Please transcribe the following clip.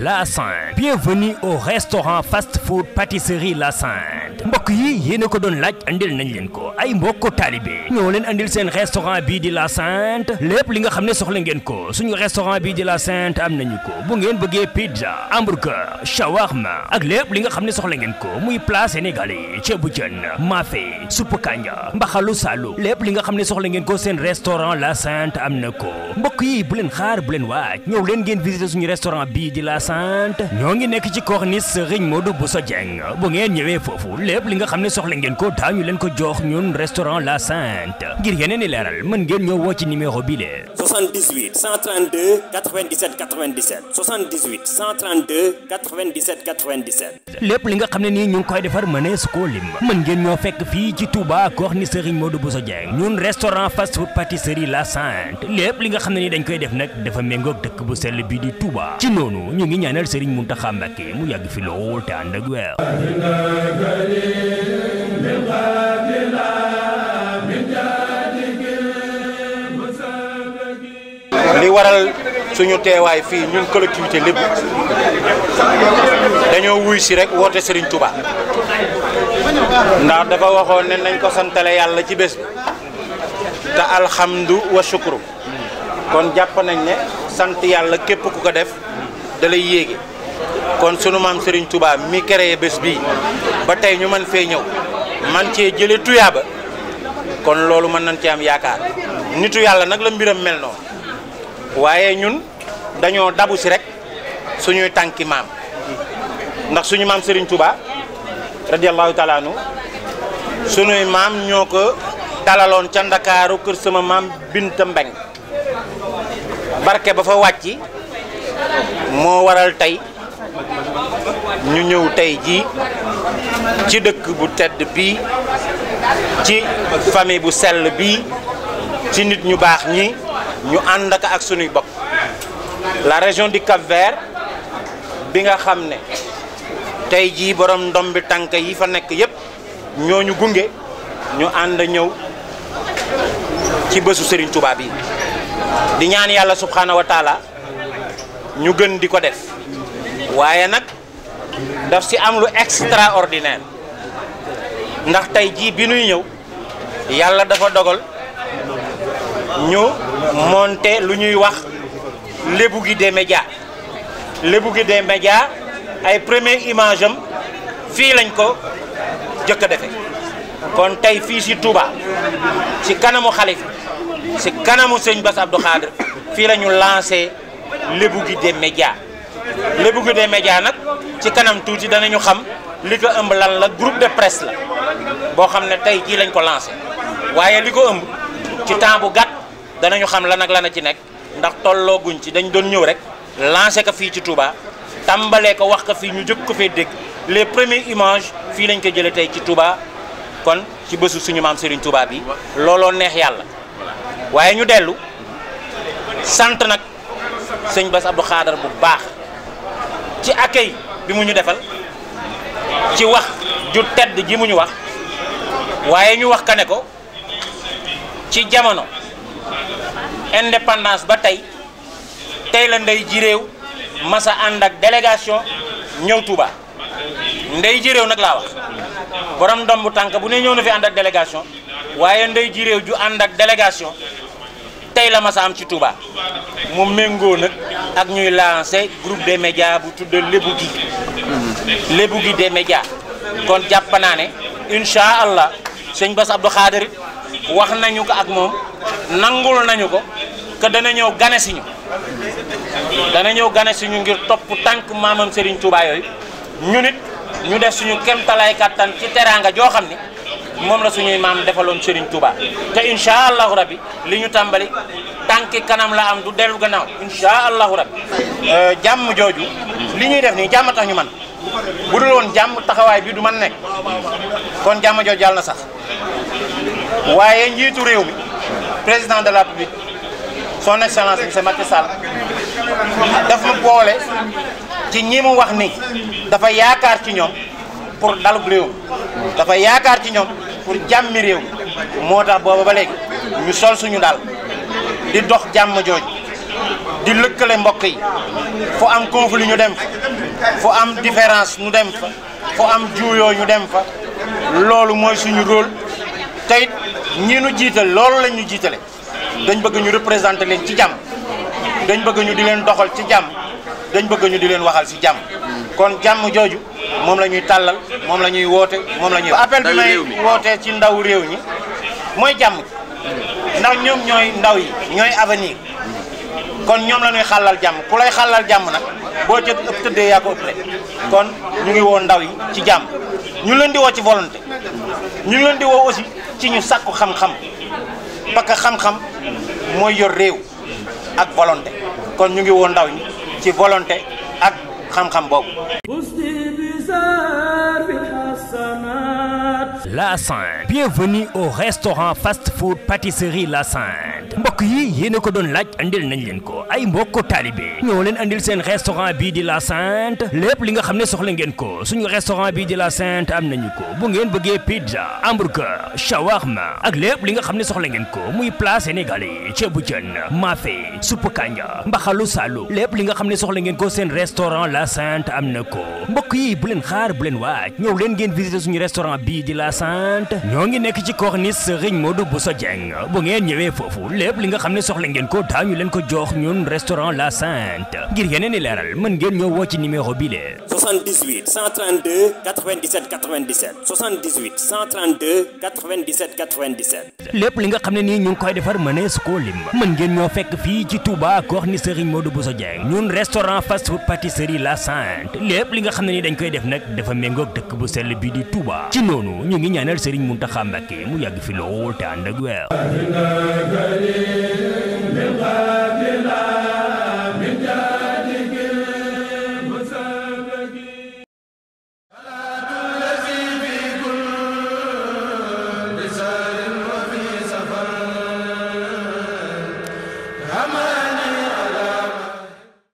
La bien bienvenue au restaurant fast food pâtisserie La Sainte mbokk yi yéena ko doon laaj andil nañ leen ko ay mbokk taalibe ñoo leen andil seen restaurant bii di la Sainte lépp li nga xam ne soxla ngeen ko suñu restaurant bii di la Sainte am nañu ko bu ngeen bëggee pizza hamburger ak lépp li nga xam ne soxla ngeen ko muy plat sénégalais ceebu jën mafé supp kanja mbaxalu salu lépp li nga xam ne soxla ngeen ko seen restaurant la Sainte am na ko mbokk yi bu leen xaar bu leen waaj ñëw leen ngeen visiter suñu restaurant bii di la Sainte ñoo ngi nekk ci corniche Serigne Modou Bousso Dieng bu ngeen ñëwee foofu lépp li nga xam ne soxla ngeen ko leen ko jox ñun Sen restaurant La Sainte ngir yeneen i leeral mën ngeen ñoo woo ci numéro bi le 78 132 97 97 78 132 97 97 lépp li nga xam ne ni ñu ngi koy defar mënees ko lim mën ngeen ñoo fekk fii ci Touba Gorni Serigne Modou Bousso Dieng ñun restaurant fast food pâtisserie La Sainte lépp li nga xam ne ni dañ koy def nag dafa méngoog dëkk bu sell bi di Touba ci noonu ñu ngi ñaanal Serigne Mountakha Mbacké mu yàgg fi lool te ànd ak weer li waral suñu teewaay fii ñun collectivité lépp dañoo wuy si rek woote sëriñ Touba ndax dafa waxoon ne nañ ko santale yàlla ci bés bi te alhamdu wa shukru kon jàpp nañ ne sant yàlla képp ku ko def dalay yéege kon sunu maam sëriñ tubaab mi créé bés bii ba tey ñu mën fee ñëw man cee jële tuyaaba kon loolu mën nañ ci am yaakaar nitu yàlla nag la mbiram mel noonu waaye ñun dañoo dabu si rek suñuy tànki maam ndax suñu maam Serigne Touba radiyallahu taala suñuy maam ñoo ko dalaloon ca Ndakaaru kër sama maam Binta Mbeng barke ba fa wàcci moo waral tey ñu ñëw tey jii ci dëkk bu tedd bi ci famille bu sell bi ci nit ñu baax ñi ñu ànd ak ak sunuy bopp la région du Cap-Vert bi nga xam ne tey jii borom ndombi tànk yi fa nekk yépp ñoo ñu gunge ñu ànd ñëw ci bésu Serigne Touba bi di ñaan yàlla subxanahu ñu gën di ko def waaye nag daf si am lu extraordinaire ndax tey jii bi nuy ñëw yàlla dafa dogal. ñu monter lu ñuy wax lébu gi des médias lébu gi des médias ay première image am fii lañ ko jëkk a defe kon tey fii si Touba ci kanamu xalifa si kanamu sëñ Bass Abdou Khadre fii lañu ñu lancé lébu gi des médias lébu gi des médias nag ci kanam tuuti ñu xam li ko ëmb lan la groupe de presse la boo xam ne tey jii lañ ko lancé waaye li ko ëmb ci temps gàtt danañu xam lan ak lan a ci nekk ndax tollooguñ ci dañ doon ñëw rek lancé ko fii ci Touba tàmbalee ko wax ko fii ñu jëkk ko fee dégg les premier images fii lañ ko jëlee tey ci Touba kon ci bésu suñu maam Serigne Touba bi looloo neex yàlla waaye ñu dellu sant nag sëñ Bass Abdou Khadre bu baax ci accueil bi mu ñu defal ci wax ju tedd ji mu ñu wax waaye ñu wax ka ne ko ci jamono indépendance ba tey tey la Ndeye Ji Réew masa ànd ak délégation ñëw Touba Ndeye Ji nag laa wax borom ndombu tànk bu ne ñëw na fi ànd ak délégation waaye Ndeye jiréew ju ànd ak délégation tey la masa am ci Touba mu méngoo nag ak ñuy lancé groupe des médias bu tudd Lébu gi Lébu gi des médias kon jàpp naa ne incha allah sëñ Bass Abdou Khader wax nañu ko ak moom nangul nañu ko que dana ñëw gane dana ñëw gane ñu ngir topp tànk maamam Serigne Touba yooyu ñu nit ñu def suñu kem talaay kattan ci teraanga joo xam ni moom la suñuy maam defaloon Serigne Touba te incha allahu rabi li ñu tàmbali tànki kanam la am du dellu gannaaw incha allahu rabi euh, jàmm jooju. li ñuy def nii jàmm tax ñu man bu dul woon jàmm taxawaay bi du man nekk kon jàmm jooju yàlla na sax waaye njiitu réew mi président de la République son excellence monsieur Macky Sall def mu boole ci ñi mu wax ni dafa yaakaar ci ñoom pour dalub réew dafa yaakaar ci ñoom pour jàmmi réew moo tax booba ba léegi ñu sol suñu daal di dox jàmm jooj di lëkkale mbokk yi fu am conflit ñu dem fa fu am différence ñu dem fa fu am juuyoo ñu dem fa loolu mooy suñu rôle te it ñi nu jiital loolu la ñu jiitale dañ bëgg ñu représenter leen ci jàmm dañ bëgg ñu di leen doxal ci jàmm dañ bëgg ñu di leen waxal ci jàmm kon jàmm jooju moom la ñuy tàllal moom la ñuy woote moom la ñuy appel bi wootee ci ndaw réew ñi mooy jàmm ndax ñoom ñooy ndaw yi ñooy avenir kon ñoom la ñuy xàllal jàmm ku lay xàllal jàmm nag boo ca ëpp tëddee yaa ko kon ñu ngi woo ndaw yi ci jàmm ñu leen di woo ci volonté ñu ngi leen di woo aussi ci ñu sàkku xam-xam parce que xam-xam mooy yor réew ak volonté kon ñu ngi woon ndaw ñi ci volonté ak xam-xam boobu. La bien Bienvenue au restaurant fast food pâtisserie La Sainte. mbokk yi yéena ko doon laaj andil nañ leen ko. ay mbokk taalibe ñoo leen andil seen restaurant bii di la Sainte lépp li nga xam ne soxla ngeen ko suñu restaurant bii di la Sainte am ñu ko bu ngeen bëggee pizza hamburger shawarma ak lépp li nga xam ne soxla ngeen ko muy plat sénégalais ceebu jën mafé suppu kanja mbaxalu salu lépp li nga xam ne soxla ngeen ko seen restaurant la Sainte am na ko mbokk yi bu leen xaar bu leen waaj ñëw leen ngeen visiter suñu restaurant bii di la Sainte ñoo ngi nekk ci corniche Serigne Modou Bousso Dieng bu ngeen ñëwee foofu lépp li nga xam ne soxla ngeen ko daañu leen ko jox ñun Ramatoun restaurant La Sainte ngir i leeral mën ngeen ñoo woo ci numéro bi le 78 132 97 97 78 132 97 97 lépp li nga xam ne ni ñu ngi koy defar mënees ko lim mën ngeen ñoo fekk fii ci Touba Corniche Serigne Modou Bousso Dieng ñun restaurant fast food pâtisserie La Sainte lépp li nga xam ne ni dañ koy def nag dafa méngoog dëkk bu sell bi di Touba ci noonu ñu ngi ñaanal Serigne Mountakha Mbacké mu yàgg fi lool te ànd ak weer